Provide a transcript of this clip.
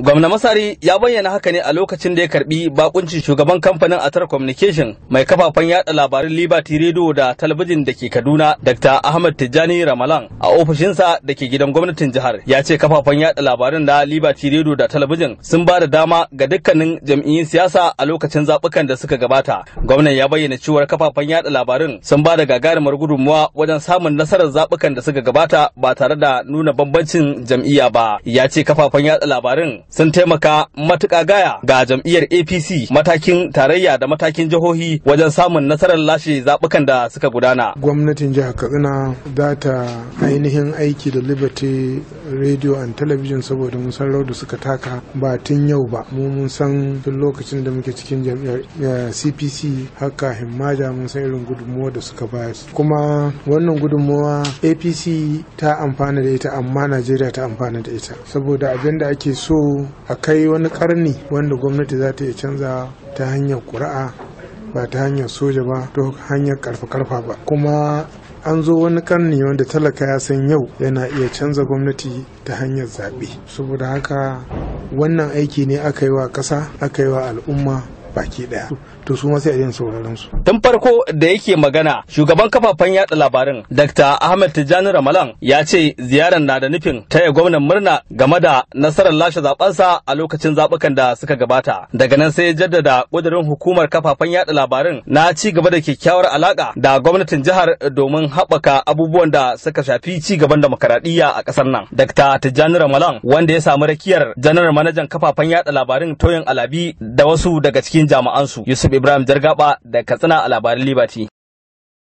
Gwamna Masari ya bayyana haka ne a lokacin da ya karbi bakuncin shugaban kamfanin Atar Communication mai kafafen yada labarin Liberty Radio da talabijin da ke Kaduna Dr. Ahmad Tijjani Ramalan a ofishinsa da ke gidan gwamnatin jihar. Ya ce kafafen yada labarin da Liberty Radio da talabijin sun ba da dama ga dukkanin jam'iyyun siyasa a lokacin zabukan da suka gabata. Gwamnan ya bayyana cewar kafafen yada labarin sun ba da gagarumar gudunmuwa wajen samun nasarar zabukan da suka gabata ba tare da nuna bambancin jam'iyya ba. Ya ce kafafen yada labarin sun taimaka matuƙa gaya ga jam'iyyar apc matakin tarayya da matakin jihohi wajen samun nasarar lashe zaɓukan da suka gudana gwamnatin jihar katsina za ta ainihin aiki da liberty radio and television saboda mun san da suka taka ba tun yau ba mu mun san duk lokacin da muke cikin jam'iyyar cpc eh, haka himmaja mun san irin gudunmuwa da suka bayar kuma wannan gudunmuwa apc ta amfana da ita amma najeriya ta amfana da ita saboda abin da ake so a kai wani karni wanda gwamnati za ta iya canza ta hanyar ƙuri'a ba ta hanyar soja ba ta hanyar karfa-karfa ba kuma an zo wani karni wanda talaka ya san yau yana iya canza gwamnati ta hanyar zaɓe saboda haka wannan aiki ne aka yi wa ƙasa aka yi wa al'umma baki daya to su ma sai a yin sauraron su tun farko da yake magana shugaban kafafen yada labarin dr ahmed tijjani ramalan ya ce ziyarar na da nufin taya gwamnan murna game da nasarar lashe zabansa a lokacin zabukan da suka gabata daga nan sai ya jaddada kudirin hukumar kafafen yada labarin na ci gaba da kyakkyawar alaka da gwamnatin jihar domin haɓaka abubuwan da suka shafi ci gaban demokaradiyya a ƙasar nan dr tijjani ramalan wanda ya samu rakiyar janar manajan kafafen yada labarin toyin alabi da wasu daga cikin bakin su Yusuf Ibrahim Jargaba da Katsina a labarin Liberty.